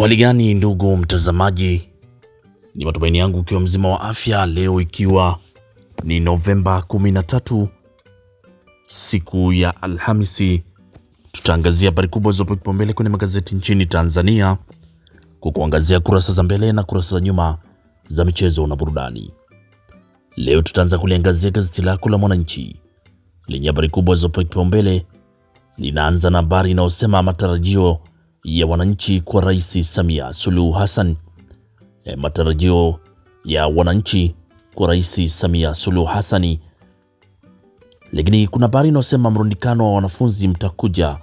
Hali gani ndugu mtazamaji, ni matumaini yangu ukiwa mzima wa afya leo, ikiwa ni Novemba 13 siku ya Alhamisi. Tutaangazia habari kubwa zilizopewa kipaumbele kwenye magazeti nchini Tanzania kwa kuangazia kurasa za mbele na kurasa za nyuma za michezo na burudani. Leo tutaanza kuliangazia gazeti lako la Mwananchi lenye habari kubwa zilizopewa kipaumbele. Linaanza na habari inayosema matarajio ya wananchi kwa Rais Samia Suluhu Hassan. E, matarajio ya wananchi kwa Rais Samia Suluhu Hassan. Lakini kuna habari inayosema mrundikano wa wanafunzi mtakuja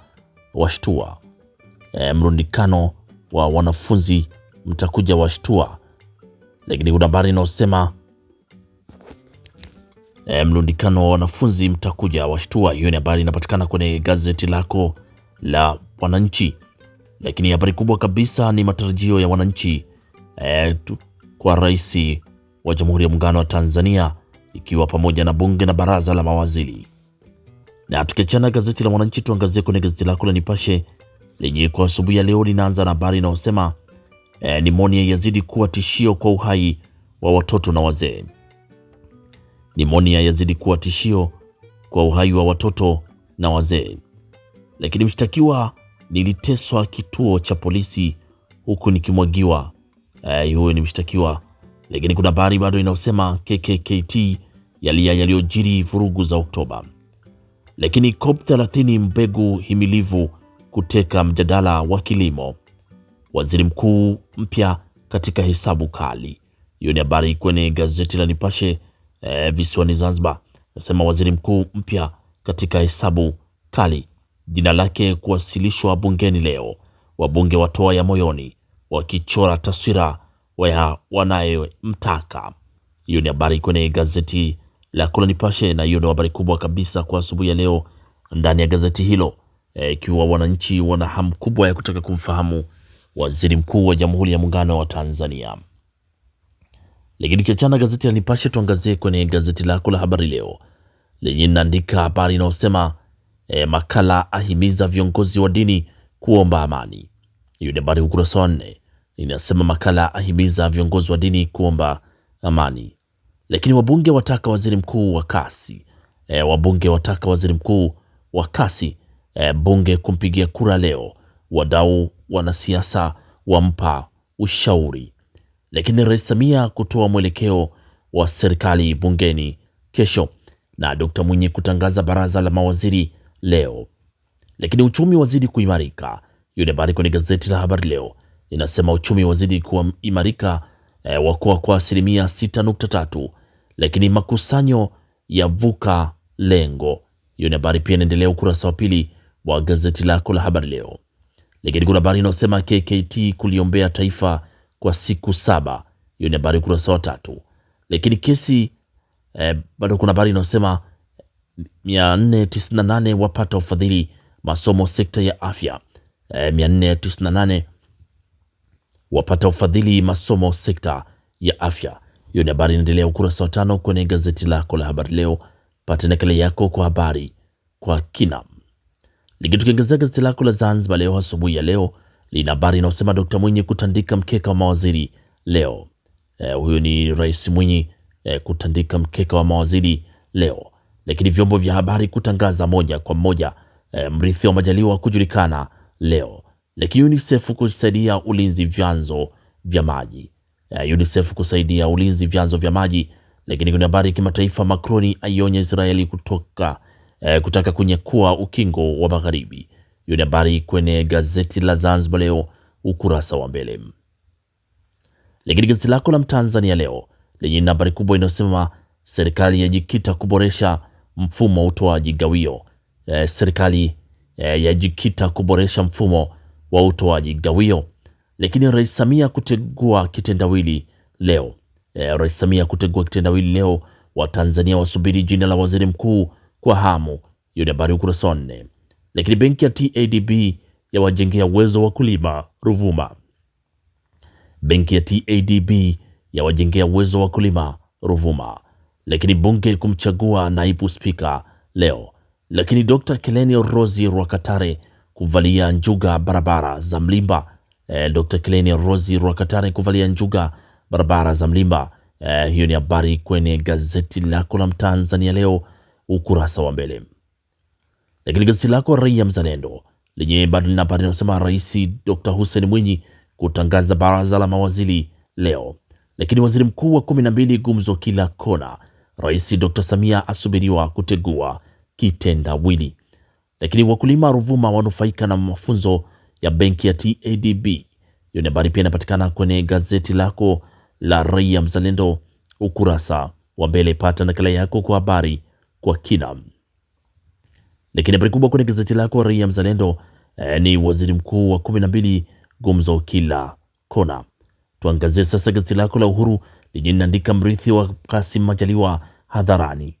washtua. E, eh, mrundikano wa wanafunzi mtakuja washtua. Lakini kuna habari inayosema e, mrundikano wa wanafunzi mtakuja washtua. Hiyo ni habari inapatikana kwenye gazeti lako la Wananchi. Lakini habari kubwa kabisa ni matarajio ya wananchi e, kwa rais wa Jamhuri ya Muungano wa Tanzania ikiwa pamoja na bunge na baraza la mawaziri. Na tukiachana gazeti la Mwananchi, tuangazie kwenye gazeti lako la Nipashe lenye kwa asubuhi ya leo linaanza na habari inayosema e, eh, nimonia yazidi kuwa tishio kwa uhai wa watoto na wazee. Nimonia yazidi kuwa tishio kwa uhai wa watoto na wazee. Lakini mshtakiwa niliteswa kituo cha polisi huku nikimwagiwa. Eh, Huyo e, ni mshtakiwa, lakini kuna habari bado inaosema KKKT yaliyojiri vurugu za Oktoba. Lakini COP 30 mbegu himilivu kuteka mjadala wa kilimo, waziri mkuu mpya katika hesabu kali. Hiyo ni habari kwenye gazeti la Nipashe e, visiwani Zanzibar, nasema waziri mkuu mpya katika hesabu kali jina lake kuwasilishwa bungeni leo, wabunge watoa ya moyoni wakichora taswira ya wanayemtaka. Hiyo ni habari kwenye gazeti lako la Nipashe, na hiyo ndio habari kubwa kabisa kwa asubuhi ya leo ndani ya gazeti hilo, e, ikiwa e, wananchi wana hamu kubwa ya kutaka kumfahamu waziri mkuu wa Jamhuri ya Muungano wa Tanzania. Lakini kiachana gazeti la Nipashe, tuangazie kwenye gazeti lako la Habari Leo lenye linaandika habari inayosema E, makala ahimiza viongozi wa dini kuomba amani. Hiyo ni habari ukurasa wa nne, inasema makala ahimiza viongozi wa dini kuomba amani. Lakini wabunge wataka waziri mkuu wa kasi e, wabunge wataka waziri mkuu wa kasi e, bunge kumpigia kura leo. Wadau wanasiasa wampa ushauri. Lakini Rais Samia kutoa mwelekeo wa serikali bungeni kesho, na Dkt Mwinyi kutangaza baraza la mawaziri leo, lakini uchumi wazidi kuimarika. Hiyo ni habari kwenye gazeti la habari leo, inasema uchumi wazidi kuimarika e, wakoa kwa asilimia 6.3, lakini makusanyo yavuka lengo. Hiyo ni habari pia inaendelea ukurasa wa pili wa gazeti lako la habari leo, lakini kuna habari inayosema KKT kuliombea taifa kwa siku saba. Hiyo ni habari ukurasa wa tatu, lakini kesi eh, bado kuna habari inayosema 498 wapata ufadhili masomo sekta ya afya. E, 498 wapata ufadhili masomo sekta ya afya. Hiyo ni habari inaendelea ukurasa wa tano kwenye gazeti lako la habari leo. Pata nakala yako kwa habari kwa kina. Likitukiangazia gazeti lako la Zanzibar leo asubuhi ya leo lina habari inayosema Dkt Mwinyi kutandika mkeka wa mawaziri leo. E, huyo ni Rais Mwinyi e, kutandika mkeka wa mawaziri leo lakini vyombo vya habari kutangaza moja kwa moja e, mrithi wa Majaliwa kujulikana leo, lakini UNICEF kusaidia ulinzi vyanzo vya maji e, UNICEF kusaidia ulinzi vyanzo vya maji. Lakini kuna habari kimataifa, Macron aionya Israeli kutoka e, kutaka kunyakua ukingo wa magharibi. Hiyo ni habari kwenye gazeti la Zanzibar leo ukurasa wa mbele. Lakini gazeti lako la Mtanzania leo lenye habari kubwa inayosema serikali yajikita kuboresha mfumo wa utoaji gawio. E, serikali e, yajikita kuboresha mfumo wa utoaji gawio. Lakini Rais Samia kutegua kitendawili leo. E, Rais Samia kutegua kitendawili leo. Watanzania wasubiri jina la waziri mkuu kwa hamu. Hiyo ni habari ukurasa wa nne. Lakini benki ya TADB yawajengea uwezo wakulima Ruvuma. Benki ya TADB yawajengea uwezo wakulima Ruvuma lakini bunge kumchagua naibu spika leo, lakini Dr. Kileni Rozi Rwakatare kuvalia njuga barabara za Mlimba. E, eh, Dr. Kileni Rozi Rwakatare kuvalia njuga barabara za Mlimba. E, hiyo ni habari kwenye gazeti lako la Mtanzania leo ukurasa wa mbele, lakini gazeti lako Raia Mzalendo lenye bado lina habari inayosema Rais Dr. Hussein Mwinyi kutangaza baraza la mawaziri leo, lakini waziri mkuu wa kumi na mbili gumzo kila kona Rais Dr. Samia asubiriwa kutegua kitendawili. Lakini wakulima Ruvuma wanufaika na mafunzo ya benki ya TADB. Hiyo ni habari pia inapatikana kwenye gazeti lako la Raia Mzalendo ukurasa wa mbele. Pata nakala yako kwa habari kwa kina. Lakini habari kubwa kwenye gazeti lako Raia Mzalendo eh, ni waziri mkuu wa kumi na mbili gumzo kila kona. Tuangazie sasa gazeti lako la Uhuru lenye linaandika mrithi wa Kasim Majaliwa hadharani,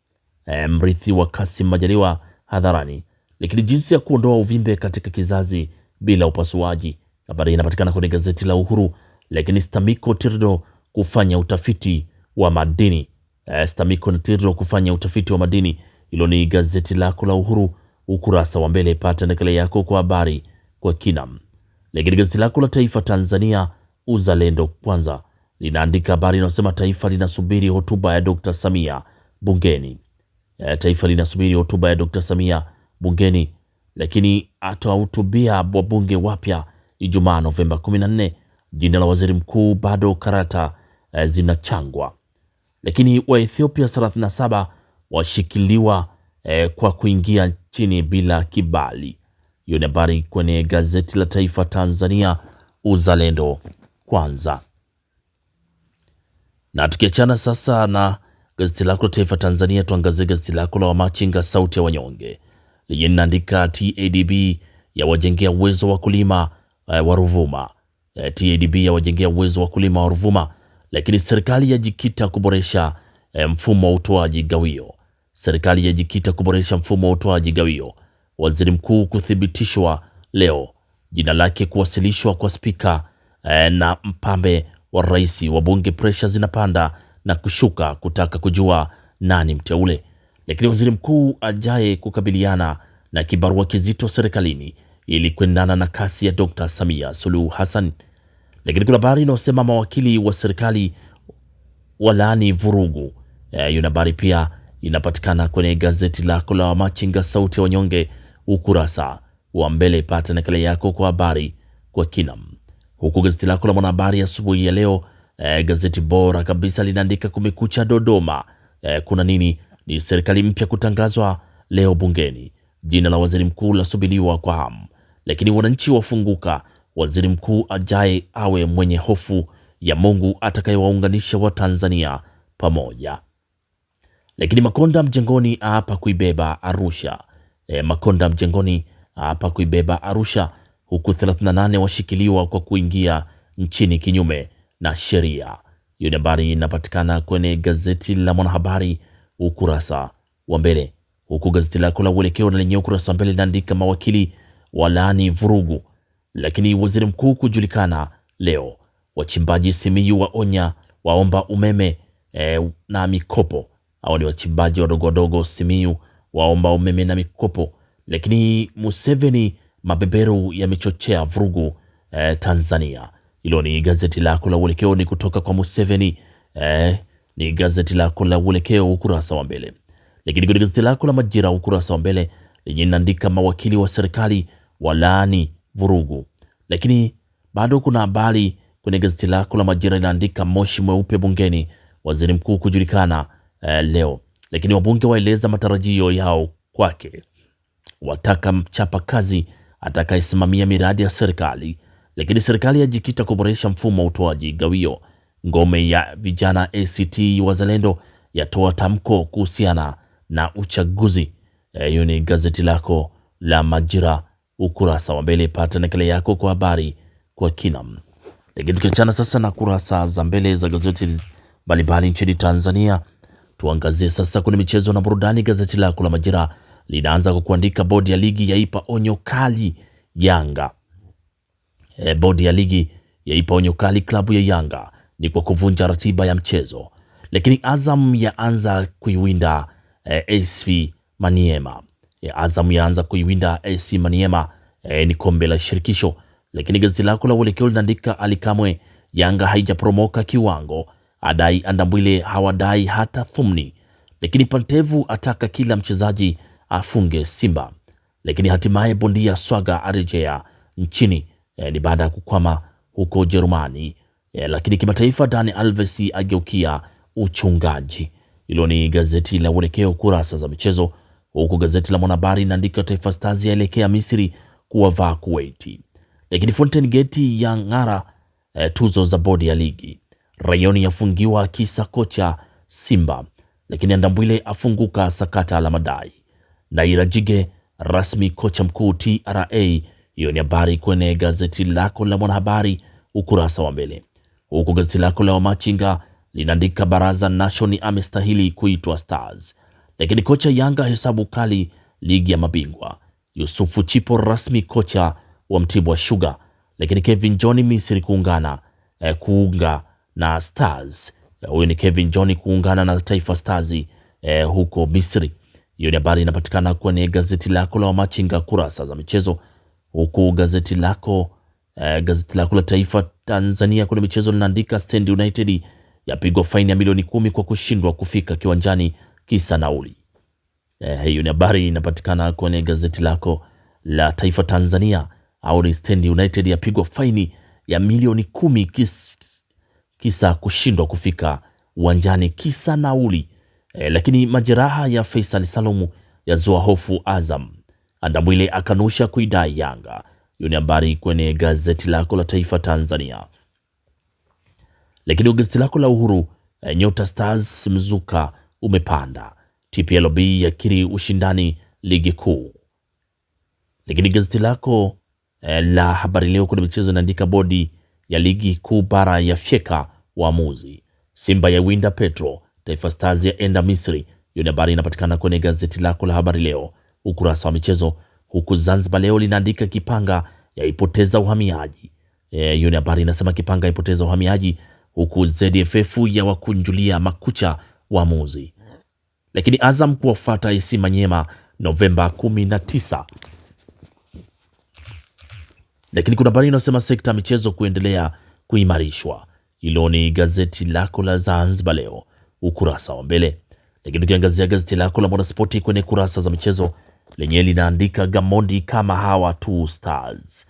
e, mrithi wa Kasim Majaliwa hadharani, lakini jinsi ya kuondoa uvimbe katika kizazi bila upasuaji. Habari inapatikana kwenye gazeti la Uhuru. Lakini Stamiko Tirdo kufanya utafiti wa madini e, Stamiko Tirdo kufanya utafiti wa madini. Hilo ni gazeti lako la Uhuru ukurasa wa mbele, pata nakala yako kwa habari kwa kinam. Lakini gazeti lako la Taifa Tanzania Uzalendo Kwanza linaandika habari inayosema taifa linasubiri hotuba ya Dr. Samia bungeni. E, taifa linasubiri hotuba ya Dr. Samia bungeni, lakini atahutubia wabunge wapya Ijumaa Novemba 14. Jina la waziri mkuu bado karata e, zinachangwa, lakini Waethiopia 37 washikiliwa e, kwa kuingia nchini bila kibali. Hiyo ni habari kwenye gazeti la Taifa Tanzania Uzalendo kwanza. Na tukiachana sasa na gazeti lako la Taifa Tanzania, tuangazie gazeti lako la Wamachinga sauti ya wanyonge lenye linaandika TADB ya wajengea uwezo kulima uh, wa Ruvuma. Uh, eh, TADB ya wajengea uwezo kulima wa Ruvuma, lakini serikali yajikita kuboresha uh, mfumo wa utoaji gawio. Serikali yajikita kuboresha mfumo wa utoaji gawio. Waziri mkuu kuthibitishwa leo, jina lake kuwasilishwa kwa spika eh, na mpambe wa rais wa bunge, presha zinapanda na kushuka kutaka kujua nani mteule. Lakini waziri mkuu ajaye kukabiliana na kibarua kizito serikalini ili kuendana na kasi ya Dr. Samia Suluhu Hassan. Lakini kuna habari inayosema mawakili wa serikali walaani vurugu. Eh, hiyo habari pia inapatikana kwenye gazeti lako la Wamachinga Sauti ya Wanyonge ukurasa wa mbele. Pata nakala yako kwa habari kwa kinam huku gazeti lako la Mwanahabari asubuhi ya, leo eh, gazeti bora kabisa linaandika kumekucha Dodoma eh, kuna nini? Ni serikali mpya kutangazwa leo bungeni, jina la waziri mkuu lasubiliwa kwa hamu, lakini wananchi wafunguka, waziri mkuu ajaye awe mwenye hofu ya Mungu atakayewaunganisha Watanzania pamoja. Lakini Makonda mjengoni aapa kuibeba Arusha. E, Makonda mjengoni aapa kuibeba Arusha huku 38 washikiliwa kwa kuingia nchini kinyume na sheria. Hiyo ni habari inapatikana kwenye gazeti la Mwanahabari ukurasa wa mbele, huku gazeti lako la Uelekeo na lenye ukurasa wa mbele linaandika mawakili walaani vurugu, lakini waziri mkuu kujulikana leo. Wachimbaji Simiyu waonya waomba umeme e, na mikopo. Hao ni wachimbaji wadogo wadogo Simiyu waomba umeme na mikopo, lakini Museveni mabeberu yamechochea vurugu eh, Tanzania. Hilo ni gazeti lako la Uelekeo, ni kutoka kwa Museveni eh, ni gazeti lako la Uelekeo ukurasa wa mbele. Lakini kwenye gazeti lako la Majira ukurasa wa mbele lenye linaandika mawakili wa serikali walaani vurugu, lakini bado kuna habari kwenye gazeti lako la Majira linaandika moshi mweupe bungeni, waziri mkuu kujulikana eh, leo. Lakini wabunge waeleza matarajio yao kwake, wataka mchapa kazi atakayesimamia miradi ya serikali, lakini serikali yajikita kuboresha mfumo wa utoaji gawio. Ngome ya vijana ACT Wazalendo yatoa tamko kuhusiana na uchaguzi. Eh, hiyo ni gazeti lako la Majira ukurasa wa mbele, pata nakala yako kwa habari kwa kina. Lakini tukiachana sasa na kurasa za mbele za gazeti mbalimbali nchini Tanzania, tuangazie sasa kwenye michezo na burudani. Gazeti lako la Majira linaanza kwa kuandika bodi ya ligi yaipa onyo kali Yanga. E, bodi ya ligi yaipa onyo kali klabu ya Yanga ni kwa kuvunja ratiba ya mchezo, lakini Azam yaanza kuiwinda e, ASV Maniema. E, Azam yaanza kuiwinda ASV Maniema e, ni kombe la shirikisho, lakini gazeti lako la Uelekeo linaandika Alikamwe, Yanga haijapromoka kiwango, adai Andambwile hawadai hata thumni, lakini Pantevu ataka kila mchezaji afunge Simba, lakini hatimaye bondia Swaga arejea nchini e, ni baada ya kukwama huko Ujerumani e, lakini kimataifa Dani Alves ageukia uchungaji. Hilo ni gazeti la Uelekeo kurasa za michezo, huku gazeti la Mwanahabari inaandika Taifa Stars yaelekea Misri kuwavaa Kuwait. lakini Fountain Gate ya ng'ara e, tuzo za bodi ya ligi. Rayoni yafungiwa kisa kocha Simba, lakini Andambwile afunguka sakata la madai. Naila Jige rasmi kocha mkuu TRA. Hiyo ni habari kwenye gazeti lako la Mwanahabari ukurasa wa mbele, huku gazeti lako la Wamachinga linaandika Baraza Nation amestahili kuitwa Stars, lakini kocha Yanga hesabu kali ligi ya mabingwa. Yusufu Chipo rasmi kocha wa Mtibwa Sugar, lakini Kevin John Misri kuungana eh, kuunga na Stars. Huyo ni Kevin John kuungana na Taifa Stars eh, huko Misri. Hiyo ni habari inapatikana kwenye gazeti lako la Wamachinga kurasa za michezo, huku gazeti lako eh, gazeti lako la Taifa Tanzania kwenye michezo linaandika Stand United yapigwa faini ya milioni kumi kwa kushindwa kufika kiwanjani kisa nauli. Eh, hiyo ni habari inapatikana kwenye gazeti lako la Taifa Tanzania. au ni Stand United yapigwa faini ya milioni kumi kis, kisa kushindwa kufika uwanjani kisa nauli. E, lakini majeraha ya Faisal Salumu yazua hofu Azam. andamwile akanusha kuidai Yanga. Hiyo ni habari kwenye gazeti lako la Taifa Tanzania. Lakini gazeti lako la Uhuru, e, Nyota Stars mzuka umepanda. TPLB yakiri ushindani ligi kuu. Lakini gazeti lako e, la Habari Leo kuna michezo inaandika bodi ya ligi kuu bara ya fyeka waamuzi. Simba ya winda Petro Taifa Stars ya enda Misri. Hiyo ni habari inapatikana kwenye gazeti lako la habari leo ukurasa wa michezo, huku Zanzibar leo linaandika Kipanga yaipoteza uhamiaji. E, hiyo ni habari inasema Kipanga yaipoteza uhamiaji, huku ZFF ya wakunjulia makucha waamuzi. Lakini Azam kuwafuata isi Manyema Novemba 19 lakini kuna habari inayosema sekta ya michezo kuendelea kuimarishwa. Hilo ni gazeti lako la Zanzibar leo ukurasa wa mbele. Lakini ukiangazia gazeti lako la Mwanaspoti kwenye kurasa za michezo, lenyewe linaandika Gamondi kama hawa tu Stars,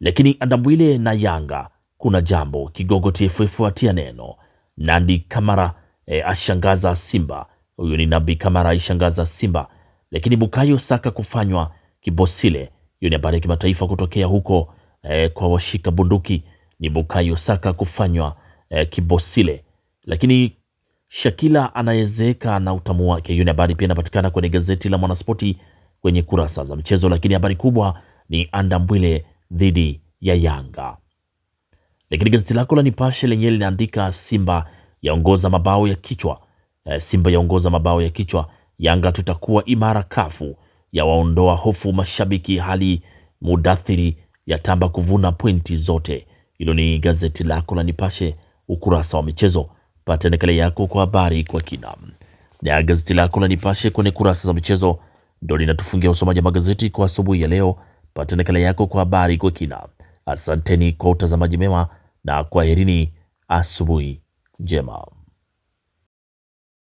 lakini Andambwile na Yanga kuna jambo. Kigogo TFF atia neno. Nandi Kamara e, ashangaza Simba. Huyu ni Nabi Kamara aishangaza Simba. Lakini Bukayo Saka kufanywa kibosile. Hiyo ni habari ya kimataifa kutokea huko e, kwa washika bunduki ni Bukayo Saka kufanywa e, kibosile. Lakini Shakila anayezeeka na utamu wake. Hiyo ni habari pia inapatikana kwenye gazeti la Mwanaspoti kwenye kurasa za mchezo, lakini habari kubwa ni Andabwile dhidi ya Yanga. Lakini gazeti lako la Nipashe lenye linaandika Simba yaongoza mabao ya kichwa, eh, Simba yaongoza mabao ya kichwa, Yanga tutakuwa imara, kafu ya waondoa hofu mashabiki, hali mudathiri yatamba kuvuna pointi zote. Hilo ni gazeti lako la Nipashe ukurasa wa michezo pata nakala yako kwa habari kwa kina. Na gazeti lako la Nipashe kwenye kurasa za michezo ndio linatufungia usomaji wa magazeti kwa asubuhi ya leo. Pata nakala yako kwa habari kwa kina. Asanteni kwa utazamaji mema na kwaherini, asubuhi njema.